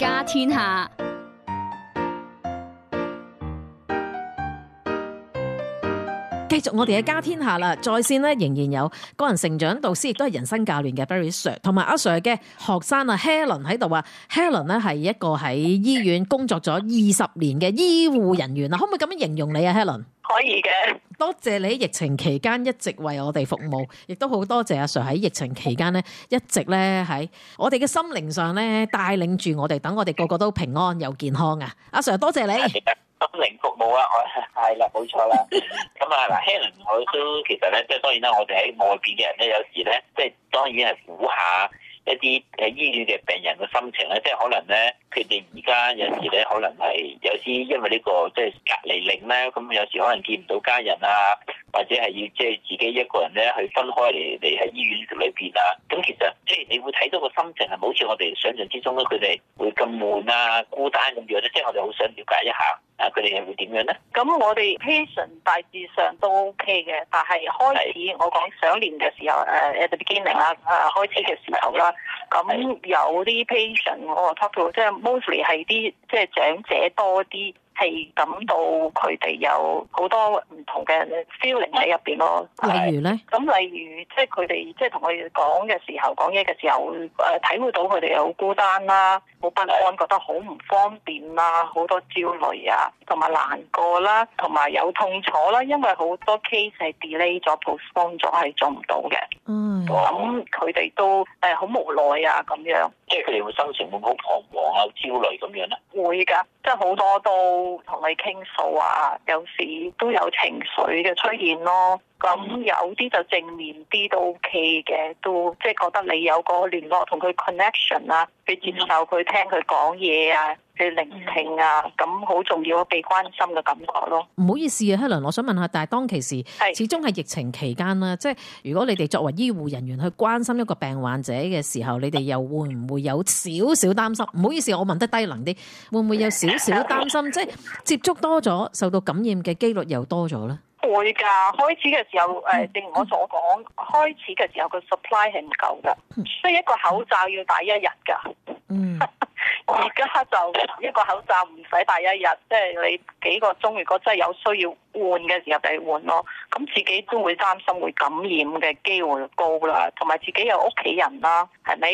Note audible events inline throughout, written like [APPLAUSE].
家天下，繼續我哋嘅家天下啦！在線呢仍然有個人成長導師，亦都係人生教練嘅 Barry Sir，同埋阿 Sir 嘅學生啊，Helen 喺度話，Helen 呢係一個喺醫院工作咗二十年嘅醫護人員啦，可唔可以咁樣形容你啊，Helen？可以嘅，多謝你，喺疫情期間一直為我哋服務，亦都好多謝阿 Sir 喺疫情期間咧一直咧喺我哋嘅心靈上咧帶領住我哋，等我哋個個都平安又健康啊！阿 Sir 多謝你，心靈服務啊，我係啦，冇錯啦，咁啊 Helen 我都其實咧，即係當然啦，我哋喺外邊嘅人咧，有時咧，即係當然係估下。一啲喺醫院嘅病人嘅心情咧，即係可能咧，佢哋而家有時咧，可能係有啲因為呢個即係隔離令咧，咁有時可能見唔到家人啊。或者係要即係自己一個人咧去分開嚟嚟喺醫院裏邊啊，咁其實即係你會睇到個心情係好似我哋想象之中咧？佢哋會咁悶啊、孤單咁樣咧？即、就、係、是、我哋好想了解一下啊，佢哋係會點樣咧？咁我哋 patient 大致上都 OK 嘅，但係開始是我講想練嘅時候誒是，at the beginning 啦是，啊開始嘅時候啦，咁是有啲 patient 是我話 talk to 即係 mostly 係啲即係長者多啲。係感到佢哋有好多唔同嘅 feeling 喺入邊咯。例如咧，咁例如即係佢哋即係同佢哋講嘅時候，講嘢嘅時候，誒、呃、體會到佢哋好孤單啦，好不安，的覺得好唔方便啦，好多焦慮啊，同埋難過啦，同埋有痛楚啦，因為好多 case 係 delay 咗，post 幫助係做唔到嘅。嗯，咁佢哋都誒好無奈啊，咁樣。即係佢哋會心情會好彷徨啊、焦慮咁樣咧？會㗎，即係好多都。同你傾訴啊，有時都有情緒嘅出現咯。咁有啲就正面啲都 OK 嘅，都即係覺得你有個聯絡同佢 connection 啊，去接受佢聽佢講嘢啊。 [MUSIC] 嘅聆聽啊，咁好重要嘅被關心嘅感覺咯。唔好意思啊，黑麟，我想問下，但係當其時，係始終係疫情期間啦，即係如果你哋作為醫護人員去關心一個病患者嘅時候，你哋又會唔會有少少擔心？唔好意思，我問得低能啲，會唔會有少少擔心？即係接觸多咗，受到感染嘅幾率又多咗咧？會㗎，開始嘅時候，誒，正如我所講，開始嘅時候個 supply 係唔夠㗎，即係一個口罩要戴一日㗎。嗯。而家就一個口罩唔使戴一日，即係你幾個鐘，如果真係有需要換嘅時候，就換咯。咁自己都會擔心會感染嘅機會高啦，同埋自己有屋企人啦，係咪？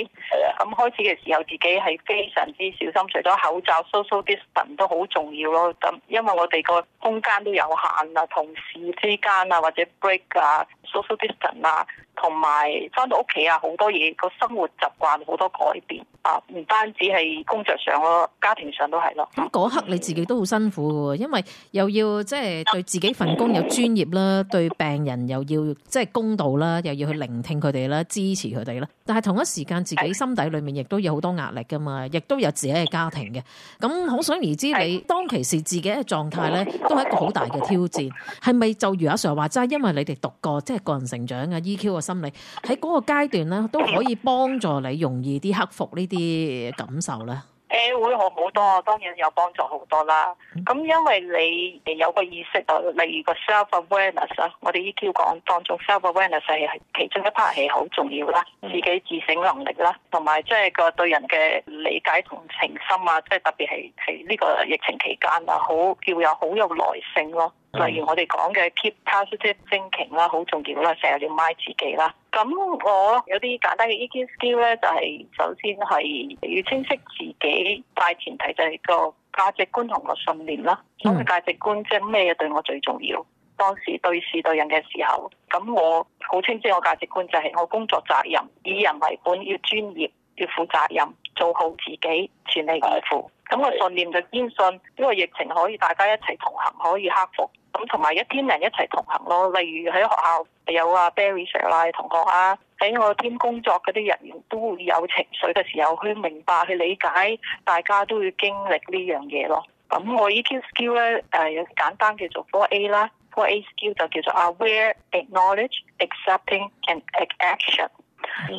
咁開始嘅時候，自己係非常之小心，除咗口罩，social distance 都好重要咯。咁因為我哋個空間都有限啊，同事之間啊，或者 break 啊。social distance 啊，同埋返到屋企啊，好多嘢個生活習慣好多改變啊，唔單止係工作上咯，家庭上都係咯。咁嗰刻你自己都好辛苦嘅，因為又要即係對自己份工有專業啦，對病人又要即係公道啦，又要去聆聽佢哋啦，支持佢哋啦。但係同一時間自己心底裡面亦都有好多壓力㗎嘛，亦都有自己嘅家庭嘅。咁可想而知，你當其時自己嘅狀態咧，都係一個好大嘅挑戰。係咪就如阿 Sir 話齋，因為你哋讀過即係？一個人成長嘅 EQ 嘅心理喺嗰個階段咧，都可以幫助你容易啲克服呢啲感受啦。誒，會好好多，當然有幫助好多啦。咁因為你有個意識啊，例如個 self awareness 啊，aware ness，我哋 EQ 講當中 self awareness 係其中一 part 係好重要啦，自己自省能力啦，同埋即係個對人嘅理解同情心啊，即係特別係喺呢個疫情期間啊，好要有好有耐性咯。例如我哋講嘅 keep positive thinking 啦，好重要啦，成日要賣自己啦。咁我有啲簡單嘅 EQ skill 咧，就係首先係要清晰自己，大前提就係個價值觀同個信念啦。咁嘅、嗯、價值觀即係咩嘢對我最重要？當時對事對人嘅時候，咁我好清晰我價值觀就係我工作責任，以人為本，要專業，要負責任，做好自己，全力以赴。咁我信念就堅信呢個疫情可以大家一齊同行，可以克服，咁同埋一天人一齊同行咯。例如喺學校有啊 Barry Sara 同學啊，喺我啲工作嗰啲人員都會有情緒嘅時候，去明白去理解大家都要經歷呢樣嘢咯。咁我 E Q skill 咧，誒有簡單叫做 Four A 啦，Four A skill 就叫做 Aware、Acknowledge、Accepting and Take Action。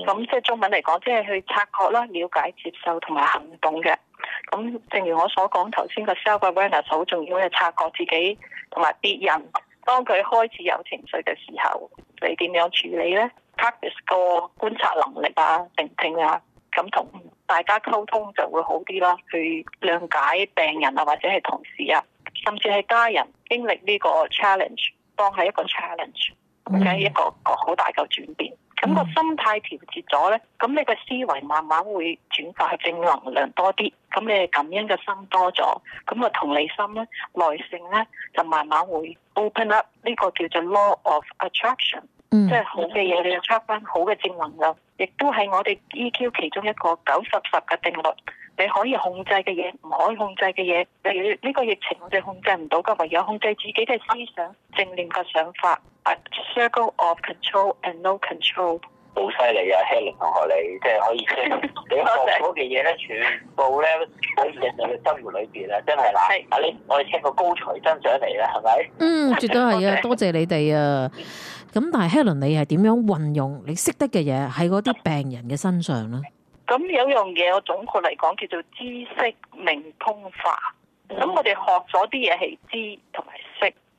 咁即係中文嚟講，即係去察覺啦、了解、接受同埋行動嘅。咁正如我所講，頭先個 self-awareness 好重要，係察覺自己同埋別人。當佢開始有情緒嘅時候，你點樣處理咧？Practice 個觀察能力啊、聆聽，聽啊，咁同大家溝通就會好啲啦。去諒解病人啊，或者係同事啊，甚至係家人經歷呢個 challenge，當係一個 challenge，或者、嗯、一個好大嚿轉變。咁、嗯、個心態調節咗咧，咁你個思維慢慢會轉化去正能量多啲，咁你感恩嘅心多咗，咁個同理心咧、耐性咧，就慢慢會 open up 呢個叫做 law of attraction、嗯、即係好嘅嘢，嗯、你又出翻好嘅正能量，亦都係我哋 EQ 其中一個九十十嘅定律。你可以控制嘅嘢，唔可以控制嘅嘢，例如呢個疫情我哋控制唔到㗎，唯有控制自己嘅思想、正念嘅想法。circle of control and no control，好犀利啊！Helen 同學你即係可以將嗰件嘢咧， [LAUGHS] 全部咧以人類嘅生活裏邊啊，真係啦！阿 l e 我哋聽過高才增長嚟啦，係咪？嗯，絕對係 [LAUGHS] 啊，多謝你哋啊！咁但係 Helen，你係點樣運用你識得嘅嘢喺嗰啲病人嘅身上咧？咁 [LAUGHS] 有樣嘢，我總括嚟講叫做知識明通化。咁我哋學咗啲嘢係知同埋。 [LAUGHS]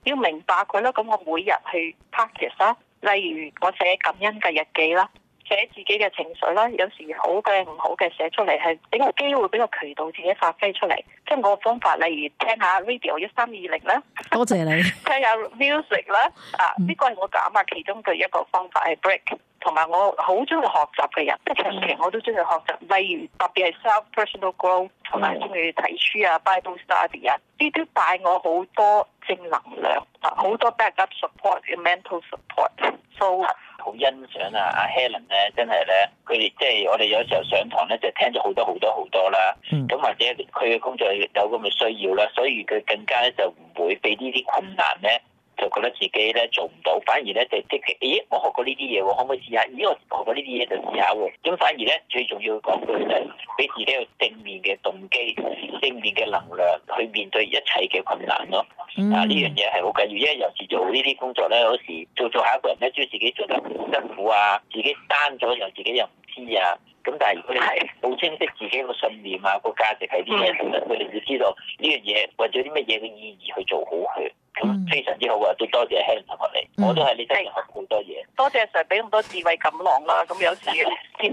要明白佢咯，咁我每日去 practice 啦。例如我寫感恩嘅日記啦，寫自己嘅情緒啦，有時好嘅唔好嘅寫出嚟，係俾個機會俾個渠道自己發揮出嚟。即係我個方法，例如聽下 radio 一三二零啦，多謝你， [LAUGHS] 聽下 music 啦。啊，呢個係我講下，其中嘅一個方法係 break。同埋我好中意學習嘅人，即係長期我都中意學習。例如特別係 self personal growth，同埋中意睇書啊、Bible study 啊，呢啲帶我好多正能量，好多 backup support 嘅 mental support。所以好欣賞啊，阿 Helen 咧，真係咧，佢哋即係我哋有時候上堂咧，就聽咗好多好多好多啦。咁、嗯、或者佢嘅工作有咁嘅需要啦，所以佢更加咧就唔會俾呢啲困難咧。就覺得自己咧做唔到，反而咧就即、是、刻，咦、哎！我學過呢啲嘢喎，可唔可以試下？咦、哎！我學過呢啲嘢就試下喎。咁反而咧，最重要講句就係、是、俾自己一個正面嘅動機、正面嘅能量去面對一切嘅困難咯。啊、mm！呢、hmm. 樣嘢係好緊要，因為有時做呢啲工作咧，有時做做下一個人咧，只要自己做得辛苦啊，自己單咗又自己又唔知啊。咁但係如果你係好清晰自己個信念啊，嗰個價值喺啲嘢，佢哋、mm hmm. 就知道呢樣嘢為咗啲乜嘢嘅意義去做好佢。咁、mm hmm. mm hmm. 非常之好啊！都多謝 Helen 同學嚟，我都係你真係學好多嘢。多謝 Sir 俾咁多智慧錦囊啦！咁有時要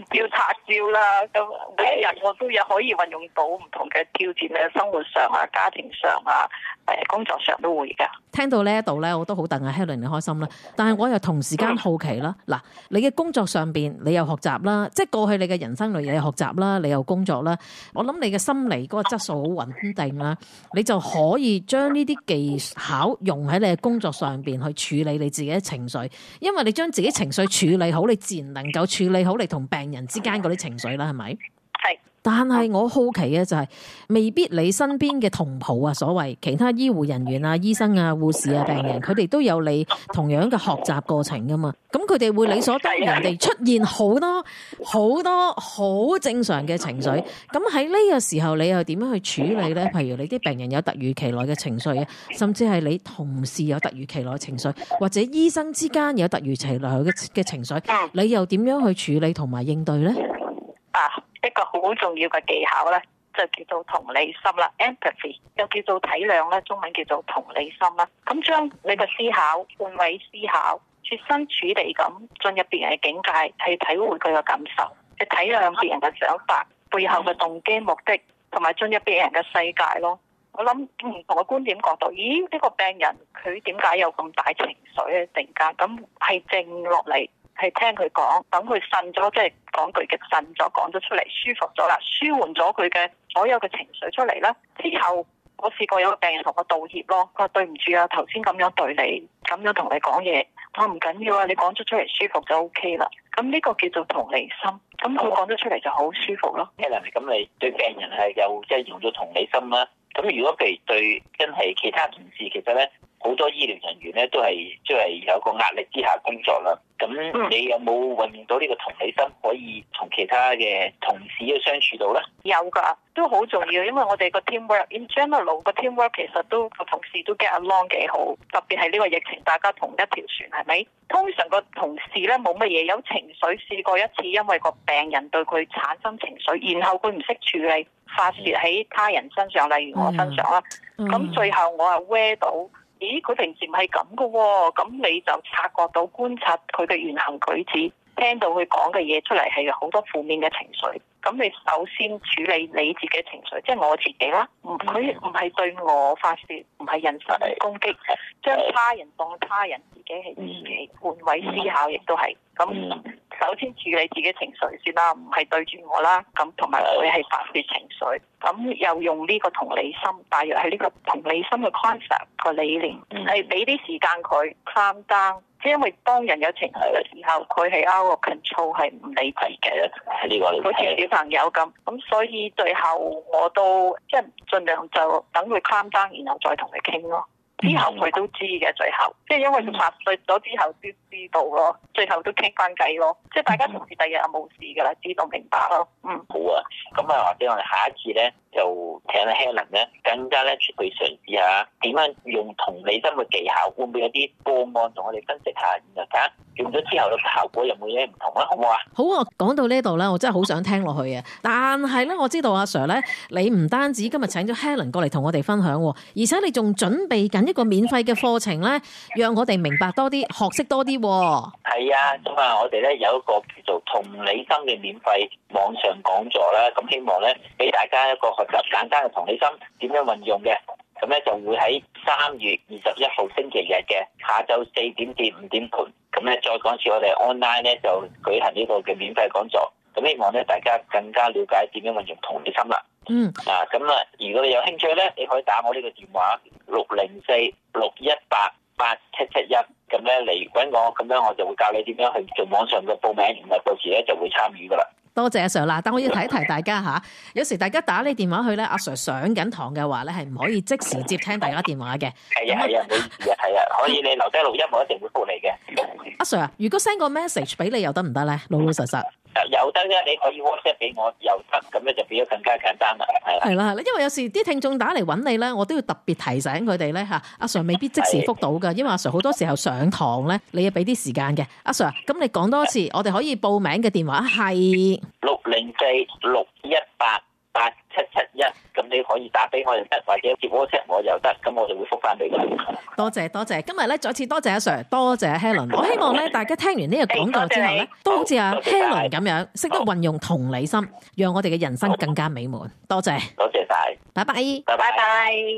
調查。要啦，咁每人我都有可以運用到唔同嘅挑戰咧，生活上啊、家庭上啊、誒工作上都會噶。聽到呢一度咧，我都好戥阿 Helen 你開心啦。但係我又同時間好奇啦。嗱、嗯，你嘅工作上邊你又學習啦，即係過去你嘅人生裏邊又學習啦，你又工作啦。我諗你嘅心理嗰個質素好穩定啦，你就可以將呢啲技巧用喺你嘅工作上邊去處理你自己嘅情緒，因為你將自己情緒處理好，你自然能夠處理好你同病人之間嗰啲。情緒啦，係咪？但係我好奇嘅就係、是，未必你身邊嘅同袍啊，所謂其他醫護人員啊、醫生啊、護士啊、病人，佢哋都有你同樣嘅學習過程噶嘛？咁佢哋會理所當然地出現好多好多好正常嘅情緒。咁喺呢個時候，你又點樣去處理呢？譬如你啲病人有突如其來嘅情緒啊，甚至係你同事有突如其來嘅情緒，或者醫生之間有突如其來嘅嘅情緒，你又點樣去處理同埋應對呢？啊，一個好重要嘅技巧咧，就叫做同理心啦 （empathy），又叫做體諒咧，中文叫做同理心啦。咁將你嘅思考換位思考，設身處地咁進入別人嘅境界，去體會佢嘅感受，去體諒別人嘅想法、背後嘅動機、目的，同埋進入別人嘅世界咯。我諗唔同嘅觀點角度，咦？呢個病人佢點解有咁大情緒嘅突然間？咁係靜落嚟。係聽佢講，等佢呻咗，即係講句嘅呻咗，講咗出嚟，舒服咗啦，舒緩咗佢嘅所有嘅情緒出嚟啦。之後我試過有個病人同我道歉咯，佢話對唔住啊，頭先咁樣對你，咁樣同你講嘢。我唔緊要啊，你講咗出嚟舒服就 OK 啦。咁呢個叫做同理心，咁佢講咗出嚟就好舒服咯。係啦、咁、嗯嗯、你對病人係有即係、即係、用咗同理心啦。咁如果譬如對真係其他同事，其實咧。好多醫療人員咧都係即係有個壓力之下工作啦。咁你有冇運用到呢個同理心，可以同其他嘅同事去相處到咧？有噶，都好重要。因為我哋個 teamwork in general 個 teamwork 其實都個同事都 get along 幾好。特別係呢個疫情，大家同一條船係咪？通常個同事咧冇乜嘢有情緒，試過一次因為個病人對佢產生情緒，然後佢唔識處理發泄喺他人身上，例如我身上啦。咁、mm hmm. 最後我係 wear 到。咦，佢平時唔係咁噶，咁你就察覺到觀察佢嘅言行舉止，聽到佢講嘅嘢出嚟係好多負面嘅情緒，咁你首先處理你自己嘅情緒，即係我自己啦。唔，佢唔係對我發泄，唔係人身攻擊，將他人當他人，自己係自己，換位思考亦都係。咁。首先處理自己情緒先啦，唔係對住我啦。咁同埋佢係發泄情緒，咁又用呢個同理心，大約係呢個同理心嘅 concept 個理念，係俾啲時間佢 calm down 即係因為當人有情緒嘅時候，佢係的 out of control 係唔理得嘅。係呢個，好似小朋友咁，咁所以最後我都即係盡量就等佢 calm down 然後再同佢傾咯。之後佢都知嘅，最後即係因為佢八歲咗之後先知道咯，最後都傾翻計咯，即係大家同事第二日啊冇事噶啦，知道明白咯。嗯，好啊，咁啊或者我哋下一次咧就請阿 Helen 咧更加咧去嘗試下點樣用同理心嘅技巧，會唔會有啲個案同我哋分析下，然後睇下用咗之後嘅效果有冇嘢唔同啦，好唔好啊？好啊，講到呢度咧，我真係好想聽落去啊！但係咧，我知道阿 Sir 咧，你唔單止今日請咗 Helen 過嚟同我哋分享，而且你仲準備緊一個免費嘅課程咧，讓我哋明白多啲，學識多啲，哦。係啊，咁啊，我哋咧有一個叫做同理心嘅免費網上講座啦。咁希望咧俾大家一個學習簡單嘅同理心點樣運用嘅。咁咧就會喺三月二十一號星期日嘅下晝四點至五點半，咁咧再講一次我哋 online 咧就舉行呢個嘅免費講座。咁希望咧大家更加了解點樣運用同理心啦。嗯啊，咁啊，如果你有興趣咧，你可以打我呢個電話六零四六一八八七七一，咁咧嚟搵我，咁樣我就會教你點樣去做網上嘅報名，然後到時咧就會參與噶啦。多謝阿 Sir 啦，但我要提一提大家吓，啊、 [LAUGHS] 有時大家打你電話去咧，阿、啊、Sir 上緊堂嘅話咧係唔可以即時接聽大家電話嘅。係啊係啊，唔好意思啊，係啊，可以你留低錄音，嗯、我一定會過嚟嘅。阿 Sir 啊，Sir，如果 send 個 message 俾你又得唔得咧？老老實實。 [LAUGHS] 有得啫，你可以 WhatsApp 俾我，有得咁咧就變咗更加簡單啦，係啦。係啦，因為有時啲聽眾打嚟揾你咧，我都要特別提醒佢哋咧吓，阿 Sir 未必即時覆到噶，因為阿 Sir 好多時候上堂咧，你要俾啲時間嘅。阿 Sir，咁你講多次，我哋可以報名嘅電話係六零四六一八八七七一，咁你可以打俾我又得，或者接 WhatsApp 我又得，咁我哋會覆翻俾你。多謝多謝，今日咧再次多謝阿、啊、Sir，多謝、啊、Helen。謝我希望咧大家聽完呢個講座之後咧，都好似阿、啊、Helen 咁樣，識得運用同理心，讓我哋嘅人生更加美滿。多謝，多謝晒，拜拜，阿拜拜。拜拜。